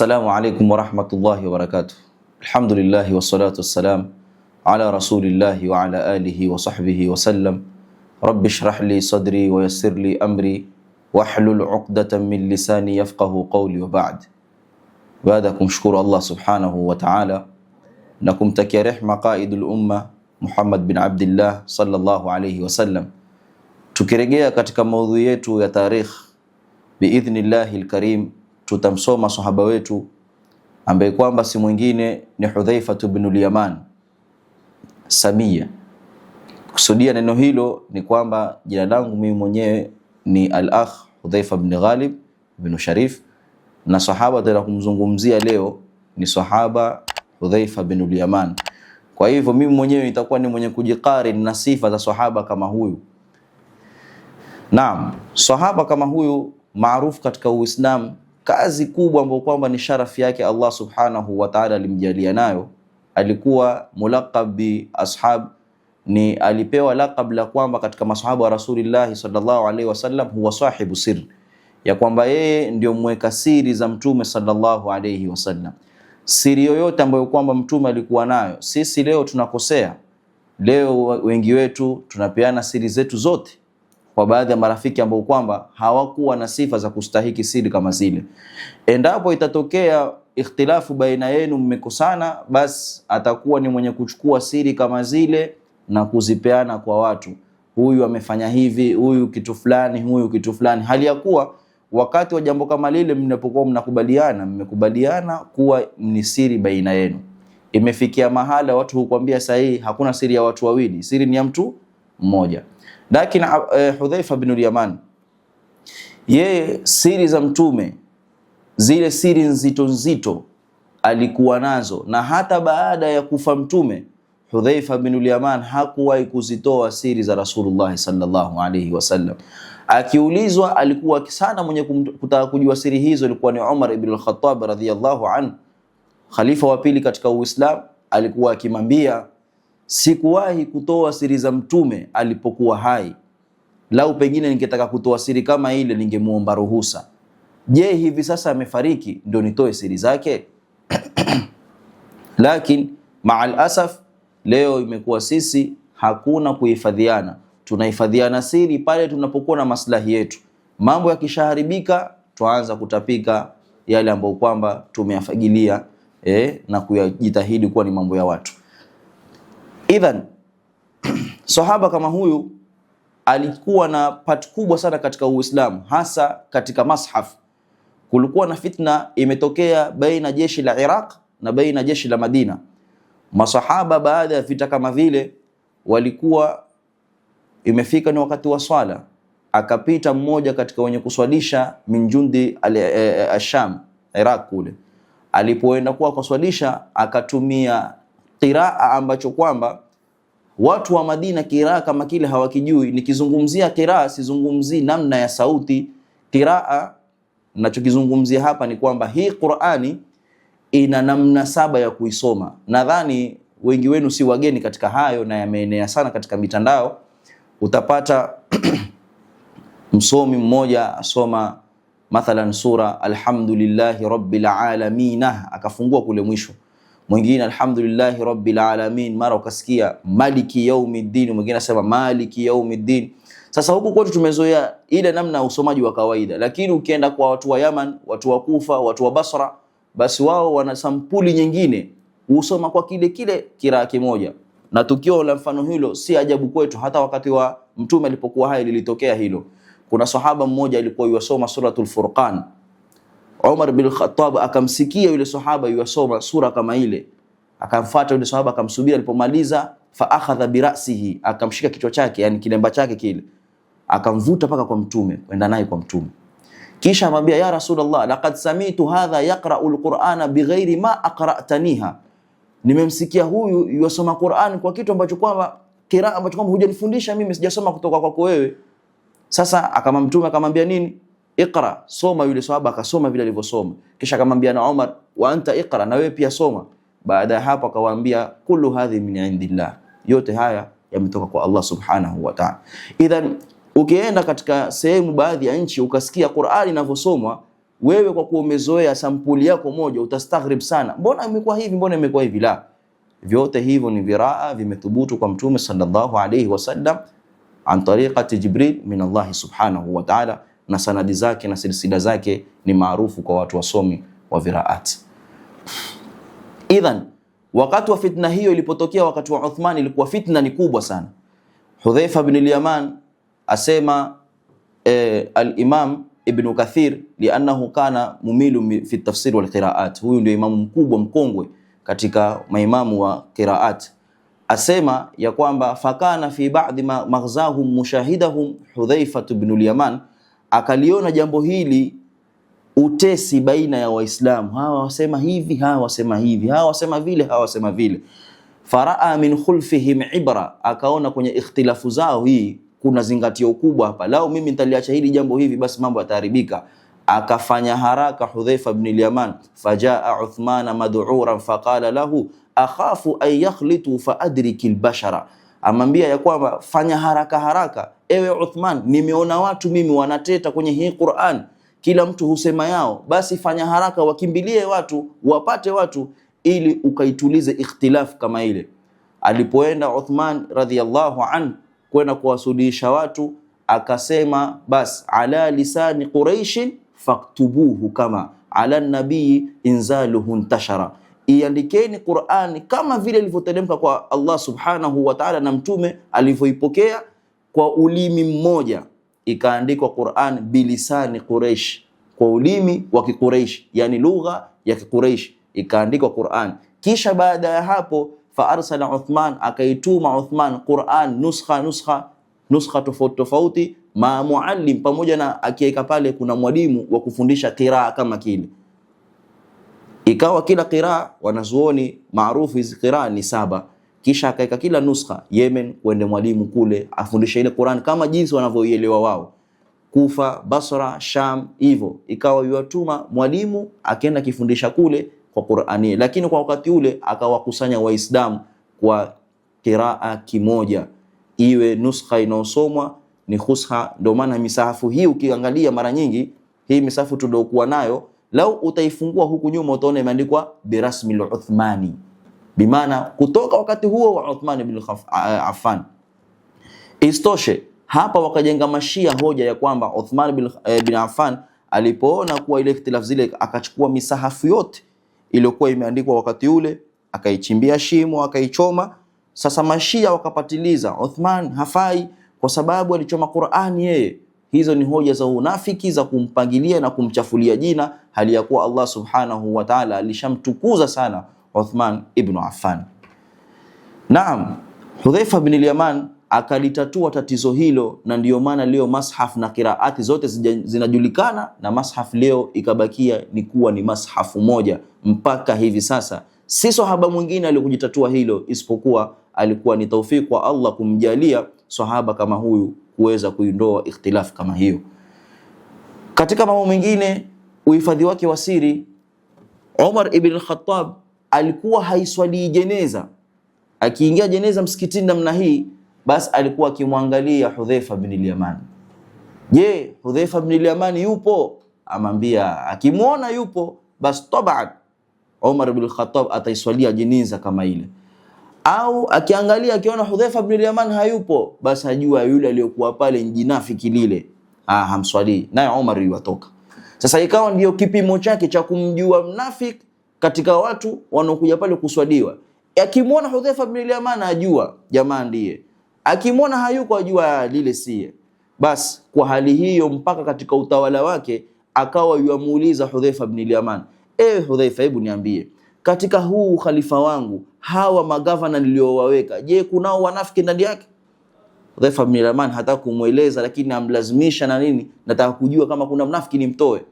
السلام عليكم ورحمة الله وبركاته الحمد لله والصلاة والسلام على رسول الله وعلى آله وصحبه وسلم رب اشرح لي صدري ويسر لي أمري واحلل عقدة من لساني يفقه قولي وبعد بعدكم شكر الله سبحانه وتعالى نكم رحمة قائد الأمة محمد بن عبد الله صلى الله عليه وسلم tukirejea katika موضيته يا تاريخ بإذن الله الكريم tutamsoma sahaba wetu ambaye kwamba si mwingine ni Hudhaifatu bnul Yaman Samia. Kusudia neno hilo ni kwamba jina langu mimi mwenyewe ni al-akh Hudhaifa bn Ghalib bn Sharif, na sahaba tena kumzungumzia leo ni sahaba Hudhaifa al Yaman. Kwa hivyo mimi mwenyewe nitakuwa ni mwenye kujikari na sifa za sahaba kama huyu. Naam, sahaba kama huyu maarufu katika Uislamu kazi kubwa ambayo kwamba ni sharafu yake Allah subhanahu wa ta'ala alimjalia nayo. Alikuwa mulaqab bi ashab, ni alipewa laqab la kwamba katika maswahaba wa Rasulillahi sallallahu alaihi wasallam huwa sahibu sir, ya kwamba yeye ndio mweka siri za mtume sallallahu alaihi wasallam. Siri yoyote ambayo kwamba mtume alikuwa nayo, sisi leo tunakosea. Leo wengi wetu tunapeana siri zetu zote kwa baadhi ya marafiki ambao kwamba hawakuwa na sifa za kustahiki siri kama zile. Endapo itatokea ikhtilafu baina yenu, mmekosana, basi atakuwa ni mwenye kuchukua siri kama zile na kuzipeana kwa watu, huyu amefanya hivi, huyu kitu fulani, huyu kitu fulani, hali ya kuwa wakati wa jambo kama lile mnapokuwa mnakubaliana, mmekubaliana kuwa ni siri baina yenu. Imefikia mahala watu hukwambia, sahihi, hakuna siri ya watu wawili, siri ni ya mtu mmoja. Lakini uh, eh, Hudhaifa bin Yaman yeye siri za mtume zile siri nzito nzito alikuwa nazo, na hata baada ya kufa mtume Hudhaifa bin Yaman hakuwahi kuzitoa siri za Rasulullah sallallahu alaihi wasallam. Akiulizwa alikuwa sana mwenye kutaka kujua siri hizo, alikuwa ni Umar ibn al-Khattab radhiyallahu anhu, khalifa wa pili katika Uislamu, alikuwa akimwambia sikuwahi kutoa siri za mtume alipokuwa hai, lau pengine ningetaka kutoa siri kama ile ningemuomba ruhusa. Je, hivi sasa amefariki ndio nitoe siri zake? Lakini maal asaf, leo imekuwa sisi hakuna kuhifadhiana, tunahifadhiana siri pale tunapokuwa na maslahi yetu. Mambo yakishaharibika twaanza kutapika yale ambayo kwamba tumeyafagilia eh, na kuyajitahidi kuwa ni mambo ya watu. Idhan sahaba kama huyu alikuwa na pat kubwa sana katika Uislamu, hasa katika mashaf. Kulikuwa na fitna imetokea baina jeshi la Iraq na baina jeshi la Madina. Masahaba baada ya vita kama vile walikuwa imefika ni wakati wa swala, akapita mmoja katika wenye kuswalisha minjundi al-Sham eh, eh, Iraq kule, alipoenda kuwa kuswalisha akatumia qiraa ambacho kwamba watu wa Madina kiraa kama kile hawakijui. Nikizungumzia qiraa sizungumzii namna ya sauti. qiraa nachokizungumzia hapa ni kwamba hii Qur'ani ina namna saba ya kuisoma. Nadhani wengi wenu si wageni katika hayo, na yameenea sana katika mitandao. Utapata msomi mmoja asoma mathalan sura alhamdulillahi rabbil alamina, akafungua kule mwisho mwingine alhamdulillahi rabbil alamin, mara ukasikia maliki yaumiddin, mwingine anasema maliki yaumiddin. Sasa huku kwetu tumezoea ile namna ya usomaji wa kawaida, lakini ukienda kwa watu wa Yaman, watu wa Kufa, watu wa Basra, basi wao wana sampuli nyingine, husoma kwa kile kile kiraa kimoja. Na tukio la mfano hilo si ajabu kwetu, hata wakati wa mtume alipokuwa hai lilitokea hilo. Kuna sahaba mmoja alikuwa yusoma suratul Furqan Umar bin Khattab akamsikia yule sahaba yuwasoma sura kama ile, akamfuata yule sahaba akamsubiri, alipomaliza fa akhadha bi ra'sihi, akamshika kichwa chake, yani kilemba chake kile, akamvuta paka kwa mtume, kwenda naye kwa mtume, kisha amwambia ya Rasulullah, laqad samitu hadha yaqra'u al-Qur'ana bighairi ma aqra'taniha, nimemsikia huyu yuwasoma Qur'an kwa kitu ambacho kwamba kiraa ambacho kwamba hujanifundisha mimi, sijasoma kutoka kwako wewe. Sasa akamamtuma akamwambia nini Iqra, soma. Yule sahaba akasoma vile alivyosoma, kisha akamwambia na Umar, wa anta iqra, na wewe pia soma. Baada ya hapo akawaambia, kullu hadhi min indillah, yote haya yametoka kwa Allah subhanahu wa ta'ala. Idhan ukienda katika sehemu baadhi ya nchi ukasikia Qur'ani inavyosomwa wewe kwa kuwa umezoea sampuli yako moja, utastaghrib sana, mbona imekuwa hivi, mbona imekuwa hivi? La, vyote hivyo ni viraa vimethubutu kwa Mtume sallallahu alayhi wasallam an tariqati Jibril min Allah subhanahu wa ta'ala na sanadi zake na silsila zake ni maarufu kwa watu wasomi wa viraat. Idhan, wakati wa fitna hiyo ilipotokea wakati wa Uthman, ilikuwa fitna ni kubwa sana. Hudhaifa bin al-Yaman asema eh, al-Imam Ibn Kathir liannahu kana mumilu fi tafsir wal qiraat, huyu ndio imamu mkubwa mkongwe katika maimamu wa qiraat, asema ya kwamba fakana fi ba'dhi maghzahum mushahidahum Hudhaifa bin al-Yaman akaliona jambo hili utesi baina ya Waislamu, hawa wasema hivi, hawa wasema hivi, hawa wasema vile, hawa wasema vile. Faraa min khulfihim ibra, akaona kwenye ikhtilafu zao hii kuna zingatio kubwa hapa. Lao mimi nitaliacha hili jambo hivi, basi mambo yataharibika. Akafanya haraka Hudhaifa ibn al-Yaman, fajaa Uthmana madhuran faqala lahu akhafu an yakhlitu faadriki lbashara, amwambia ya kwamba fanya haraka haraka ewe Uthman, nimeona watu mimi wanateta kwenye hii Qur'an, kila mtu husema yao, basi fanya haraka, wakimbilie watu, wapate watu, ili ukaitulize ikhtilaf kama ile. Alipoenda Uthman radhiyallahu an kwenda kuwasudisha watu, akasema bas, ala lisani quraishin faktubuhu kama ala nabii inzaluhu ntashara, iandikeni Qur'ani kama vile ilivyoteremka kwa Allah subhanahu wa ta'ala na mtume alivyoipokea kwa ulimi mmoja ikaandikwa Qur'an bilisani Quraysh, kwa ulimi wa Kiquraish, yani lugha ya Kiquraish ikaandikwa Qur'an. Kisha baada ya hapo fa arsala Uthman, akaituma Uthman Qur'an nuskha nuskha nuskha tofauti tofauti, ma muallim, pamoja na akiweka pale kuna mwalimu wa kufundisha qiraa kama kile. Ikawa kila qiraa, wanazuoni maarufu hizi qiraa ni saba kisha akaweka kila nuskha Yemen, kuende mwalimu kule afundishe ile Qur'an kama jinsi wanavyoielewa wao, Kufa, Basra, Sham, hivyo ikawa yuwatuma mwalimu akaenda kifundisha kule kwa Qur'ani, lakini kwa wakati ule akawakusanya Waislamu kwa qiraa kimoja, iwe nuskha inaosomwa ni husha. Ndio maana misahafu hii ukiangalia mara nyingi hii misahafu tuliokuwa nayo, lau utaifungua huku nyuma utaona imeandikwa birasmi al-Uthmani bimaana kutoka wakati huo wa Uthman ibn Affan. Istoshe hapa wakajenga mashia hoja ya kwamba Uthman eh, ibn Affan alipoona kuwa ile ikhtilaf zile, akachukua misahafu yote iliyokuwa imeandikwa wakati ule akaichimbia shimo akaichoma. Sasa mashia wakapatiliza, Uthman hafai kwa sababu alichoma Qur'ani yeye. Hizo ni hoja za unafiki za kumpangilia na kumchafulia jina, hali ya kuwa Allah subhanahu wa ta'ala alishamtukuza sana Uthman ibn Affan. Naam, Hudhaifa bin al-Yaman akalitatua tatizo hilo, na ndiyo maana leo mashaf na qiraati zote zinajulikana, na mashaf leo ikabakia ni kuwa ni mashafu moja mpaka hivi sasa. Si sahaba mwingine aliyokujitatua hilo isipokuwa alikuwa ni taufiki wa Allah kumjalia sahaba kama huyu kuweza kuindoa ikhtilaf kama hiyo. Katika mambo mengine, uhifadhi wake wa siri Umar ibn al-Khattab alikuwa haiswalii jeneza. Akiingia jeneza msikitini namna hii, basi alikuwa akimwangalia Hudhaifa bin Yaman. Je, Hudhaifa bin Yaman yupo? Amwambia akimwona yupo, basi taban Umar bin Khattab ataiswalia jeneza kama ile au akiangalia akiona Hudhaifa bin Yaman hayupo, basi ajua yule aliyokuwa pale ni jinafiki lile, ah, hamswalii naye. Umar yuwatoka. Sasa ikawa ndio kipimo chake cha kumjua mnafiki katika watu wanaokuja pale kuswadiwa. Akimwona Hudhaifa bin Yaman ajua jamaa ndiye, akimwona hayuko ajua lile siye. Basi kwa hali hiyo, mpaka katika utawala wake akawa yuamuuliza Hudhaifa bin Yaman, ewe Hudhaifa, hebu niambie katika huu ukhalifa wangu hawa magavana niliowaweka, je, kunao wanafiki ndani yake? Hudhaifa bin Yaman hataka kumweleza, lakini amlazimisha na nini, nataka kujua kama kuna mnafiki nimtoe.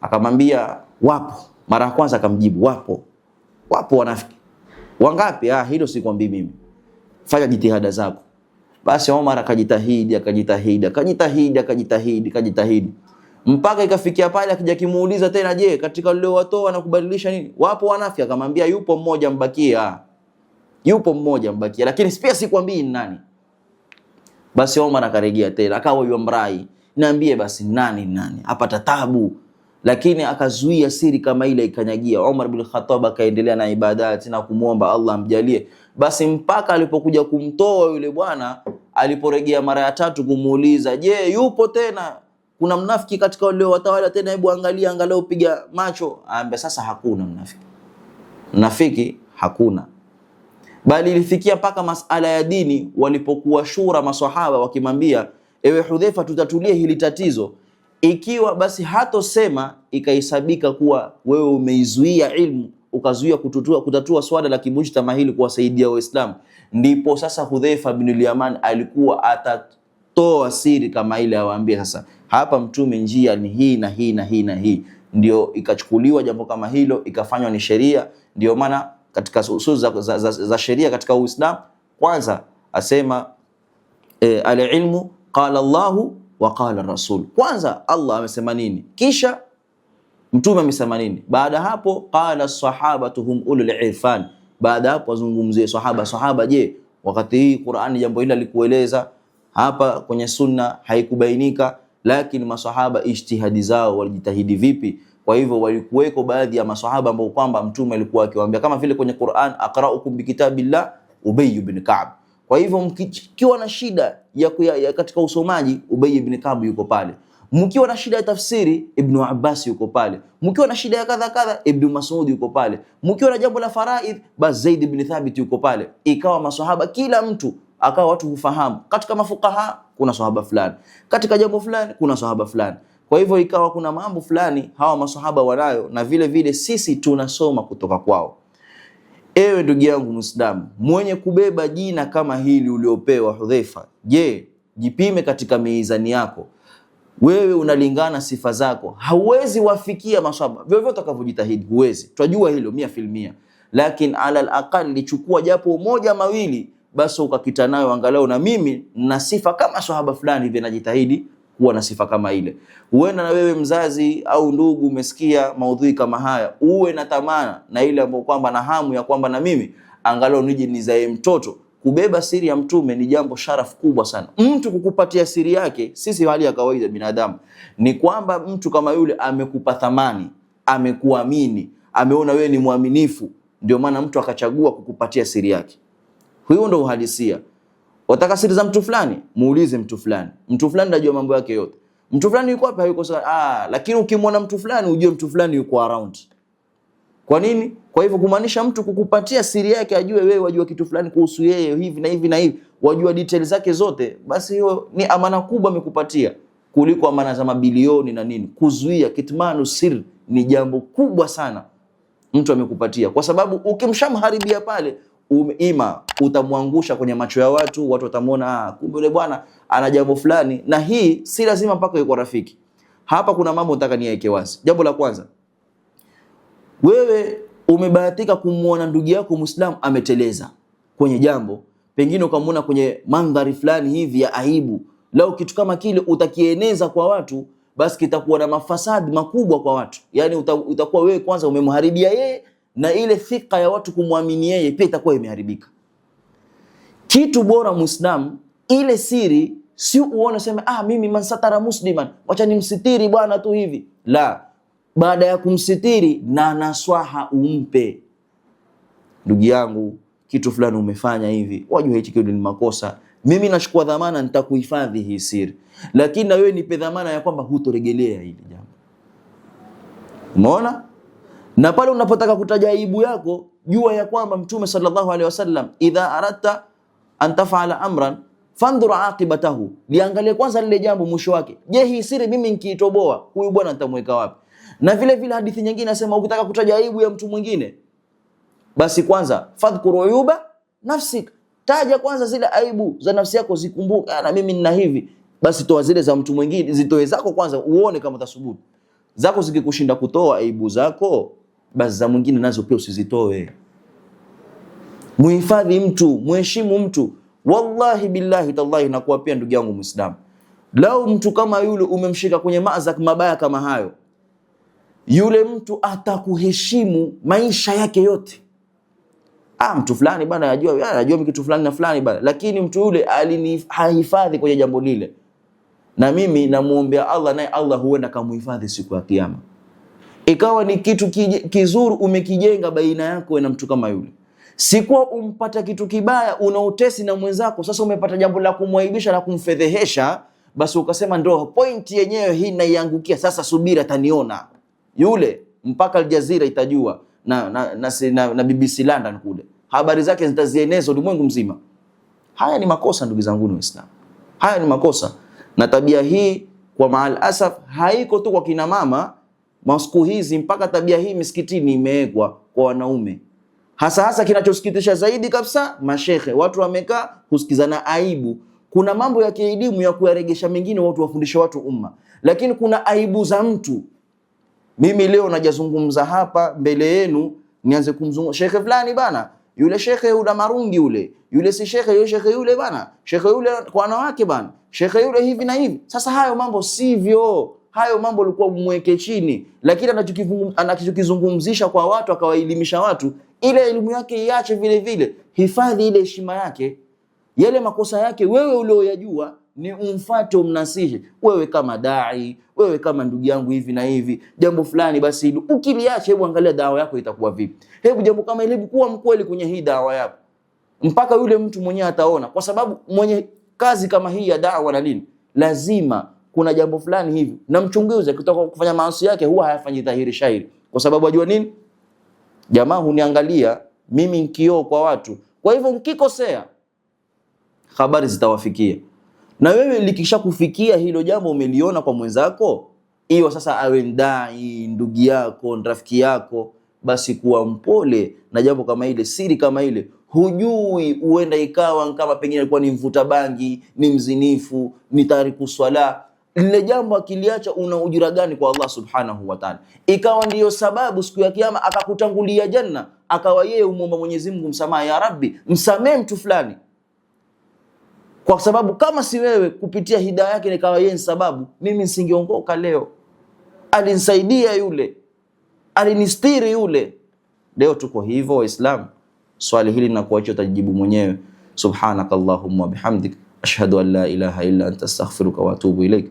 Akamwambia wapo mara ya kwanza akamjibu, wapo wapo wanafiki wangapi? Ah, hilo sikwambii mimi, fanya jitihada zako. Basi Omar akajitahidi akajitahidi akajitahidi akajitahidi akajitahidi mpaka ikafikia pale akija kimuuliza tena, je, katika leo watoa na kubadilisha nini, wapo wanafiki? Akamwambia yupo mmoja mbakia, ah, yupo mmoja mbakia, lakini pia sikwambii ni nani. Basi Omar akarejea tena akawa yomrai, niambie basi nani nani, apata tabu lakini akazuia siri kama ile ikanyagia. Umar bin Khattab akaendelea na ibadati na kumwomba Allah amjalie, basi mpaka alipokuja kumtoa yule bwana, aliporegea mara ya tatu kumuuliza, je, yupo tena kuna mnafiki katika wale watawala tena? Hebu angalia, angalau piga macho. Aambia sasa, hakuna mnafiki, mnafiki hakuna bali ilifikia mpaka masala ya dini, walipokuwa shura maswahaba wakimwambia, ewe Hudhaifa, tutatulie hili tatizo ikiwa basi hatosema, ikahesabika kuwa wewe umeizuia ilmu, ukazuia kututua, kutatua swala la kimujtama hili kuwasaidia Waislamu. Ndipo sasa Hudhaifa bin Yaman alikuwa atatoa siri kama ile, awaambie sasa hapa Mtume njia ni hii na hii na hii na hii, ndio ikachukuliwa jambo kama hilo ikafanywa ni sheria. Ndio maana katika usul za, za, za, za sheria katika Uislamu kwanza asema e, alilmu qala Allahu waqala rasul. Kwanza Allah amesema nini, kisha mtume amesema nini? Baada hapo qala sahabatu hum ulul irfan. Baada hapo wazungumzie sahaba. Sahaba je, wakati hii Qur'ani jambo hili alikueleza hapa kwenye sunna haikubainika, lakini masahaba ijtihadi zao walijitahidi vipi? Kwa hivyo walikuweko baadhi ya masahaba ambao kwamba mtume alikuwa akiwaambia kama vile kwenye Qur'an, aqra'ukum bikitabillah Ubay ibn Ka'b kwa hivyo mkiwa na shida ya, kuya, ya katika usomaji Ubay ibn Kab yuko pale, mkiwa na shida ya tafsiri Ibnu Abbas yuko pale, mkiwa na shida ya kadha kadha Ibn Mas'ud yuko pale, mkiwa na jambo la faraidh basi Zaid ibn Thabit yuko pale. Ikawa maswahaba kila mtu akawa watu hufahamu, katika mafukaha kuna sahaba fulani, katika jambo fulani kuna sahaba fulani. Kwa hivyo ikawa kuna mambo fulani hawa maswahaba wanayo, na vile vile sisi tunasoma kutoka kwao. Ewe ndugu yangu Muislamu mwenye kubeba jina kama hili uliopewa Hudhaifa, je, jipime katika miizani yako wewe unalingana sifa zako, hauwezi wafikia maswahaba vyovyote utakavyojitahidi, huwezi. Twajua hilo mia filmia, lakini alal aqal lichukua japo moja mawili basi ukakita nayo, angalau na mimi na sifa kama sahaba fulani hivi najitahidi kuwa na sifa kama ile. Huenda na wewe mzazi au ndugu umesikia maudhui kama haya, uwe na tamaa na ile ambayo kwamba na hamu ya kwamba na mimi angalau niji nizae mtoto. Kubeba siri ya Mtume ni jambo sharafu kubwa sana. Mtu kukupatia siri yake, sisi hali ya kawaida binadamu, ni kwamba mtu kama yule amekupa thamani, amekuamini, ameona wewe ni mwaminifu, ndio maana mtu akachagua kukupatia siri yake. Huyo ndo uhalisia. Wataka siri za mtu fulani, muulize mtu fulani. Mtu fulani anajua mambo yake yote. Mtu fulani yuko hapa, Hayuko sawa. Ah, lakini ukimwona mtu fulani ujue mtu fulani yuko around. Kwa nini? Kwa hivyo kumaanisha mtu kukupatia siri yake ajue wewe wajua kitu fulani kuhusu yeye hivi na hivi na hivi, wajua details zake zote, basi hiyo ni amana kubwa amekupatia kuliko amana za mabilioni na nini. Kuzuia kitmanu siri ni jambo kubwa sana mtu amekupatia, kwa sababu ukimshamharibia pale ima utamwangusha kwenye macho ya watu, watu watamuona ah, kumbe yule bwana ana jambo fulani. Na hii si lazima mpaka yuko rafiki. Hapa kuna mambo nataka niweke wazi. Jambo la kwanza, wewe umebahatika kumwona ndugu yako Muislamu ameteleza kwenye jambo, pengine ukamuona kwenye mandhari fulani hivi ya aibu. Lau kitu kama kile utakieneza kwa watu, basi kitakuwa na mafasadi makubwa kwa watu, yani utakuwa wewe kwanza umemharibia yeye na ile thika ya watu kumwamini yeye pia itakuwa imeharibika. Kitu bora Muislam, ile siri si uone useme ah, mimi mansatara musliman, wacha nimsitiri bwana tu hivi. La, baada ya kumsitiri na naswaha umpe, ndugu yangu, kitu fulani umefanya hivi, wajua hichi kitu ni makosa. Mimi nachukua dhamana, nitakuhifadhi hii siri, lakini na wewe nipe dhamana ya kwamba hutoregelea hili jambo. Umeona? na pale unapotaka kutaja aibu yako, jua ya kwamba Mtume sallallahu alaihi wasallam, idha aradta an tafala amran fandhur aqibatahu, liangalie kwanza lile jambo mwisho wake. Je, hii siri mimi nikiitoboa huyu bwana nitamweka wapi? Na vile vile hadithi nyingine nasema, ukitaka kutaja aibu ya mtu mwingine, basi kwanza fadhkur uyuba nafsik, taja kwanza zile aibu za nafsi yako, zikumbuke, na mimi nina hivi. Basi toa zile za mtu mwingine, zitoe zako kwanza, uone kama utasubutu. Zako zikikushinda kutoa aibu zako basi za mwingine nazo pia usizitoe. Muhifadhi mtu, muheshimu mtu. Wallahi billahi tallahi, kuwa pia ndugu yangu Muislamu, lau mtu kama yule umemshika kwenye maazak mabaya kama hayo, yule mtu atakuheshimu maisha yake yote. Ah, mtu fulani bana, anajua anajua ah, kitu fulani na fulani bana, lakini mtu yule alinihifadhi kwenye jambo lile, na mimi namuombea Allah, naye Allah huenda kamuhifadhi siku ya Kiyama ikawa ni kitu kizuri umekijenga baina yako na mtu kama yule, sikuwa umpata kitu kibaya una utesi na mwenzako. Sasa umepata jambo la kumwaibisha na kumfedhehesha, basi ukasema ndo point yenyewe hii naiangukia sasa, subira ataniona yule, mpaka Aljazira itajua na, na, na, na, na BBC London kule habari zake zitazieneza ulimwengu mzima. Haya ni makosa ndugu zangu wa Islam, haya ni makosa na tabia hii kwa maal asaf haiko tu kwa kina mama Masiku hizi mpaka tabia hii misikitini imewekwa kwa wanaume hasa hasa. Kinachosikitisha zaidi kabisa, mashehe watu wamekaa kusikizana aibu. Kuna mambo ya kielimu ya kuyaregesha mengine, watu wafundishe watu umma, lakini kuna aibu za mtu. Mimi leo najazungumza hapa mbele yenu, nianze kumzungumza shehe fulani bana, yule shekhe yule marungi yule yule, si shekhe yule, shekhe yule bana, shekhe yule kwa wanawake bana, shekhe yule hivi na hivi. Sasa hayo mambo sivyo hayo mambo alikuwa mweke chini, lakini anachokizungumzisha kwa watu akawaelimisha watu, ile elimu yake iache vile vile, hifadhi ile heshima yake, yale makosa yake wewe ulioyajua ni umfate umnasihi, wewe kama dai, wewe kama ndugu yangu hivi na hivi, jambo fulani basi hili ukiliacha, hebu angalia dawa yako itakuwa vipi. Hebu jambo kama hili, hebu kuwa mkweli kwenye hii dawa yako, mpaka yule mtu mwenyewe ataona, kwa sababu mwenye kazi kama hii ya dawa na nini lazima kuna jambo fulani hivi, na mchunguze kutoka kufanya maasi yake, huwa hayafanyi dhahiri shairi, kwa sababu ajua nini? Jamaa huniangalia mimi nkioo kwa watu, kwa hivyo nkikosea habari zitawafikia. Na wewe likishakufikia hilo jambo, umeliona kwa mwenzako, hiyo sasa awe ndai, ndugu yako, rafiki yako, basi kuwa mpole na jambo kama ile, siri kama ile hujui huenda ikawa kama pengine alikuwa ni mvuta bangi, ni mzinifu, ni tariku swala lile jambo akiliacha, una ujira gani kwa Allah subhanahu wa ta'ala? Ikawa ndiyo sababu siku ya Kiyama akakutangulia janna, akawa yeye umwomba Mwenyezi Mungu msamaha, ya Rabbi, msamee mtu fulani, kwa sababu kama si wewe kupitia hidaya yake nikawa yeye sababu, mimi nisingeongoka leo. Alinisaidia yule, alinistiri yule. Leo tuko hivyo Waislamu. Swali hili nakuachia, utajibu mwenyewe. Subhanakallahumma wa bihamdik ashhadu an la ilaha illa anta astaghfiruka wa atubu ilaik.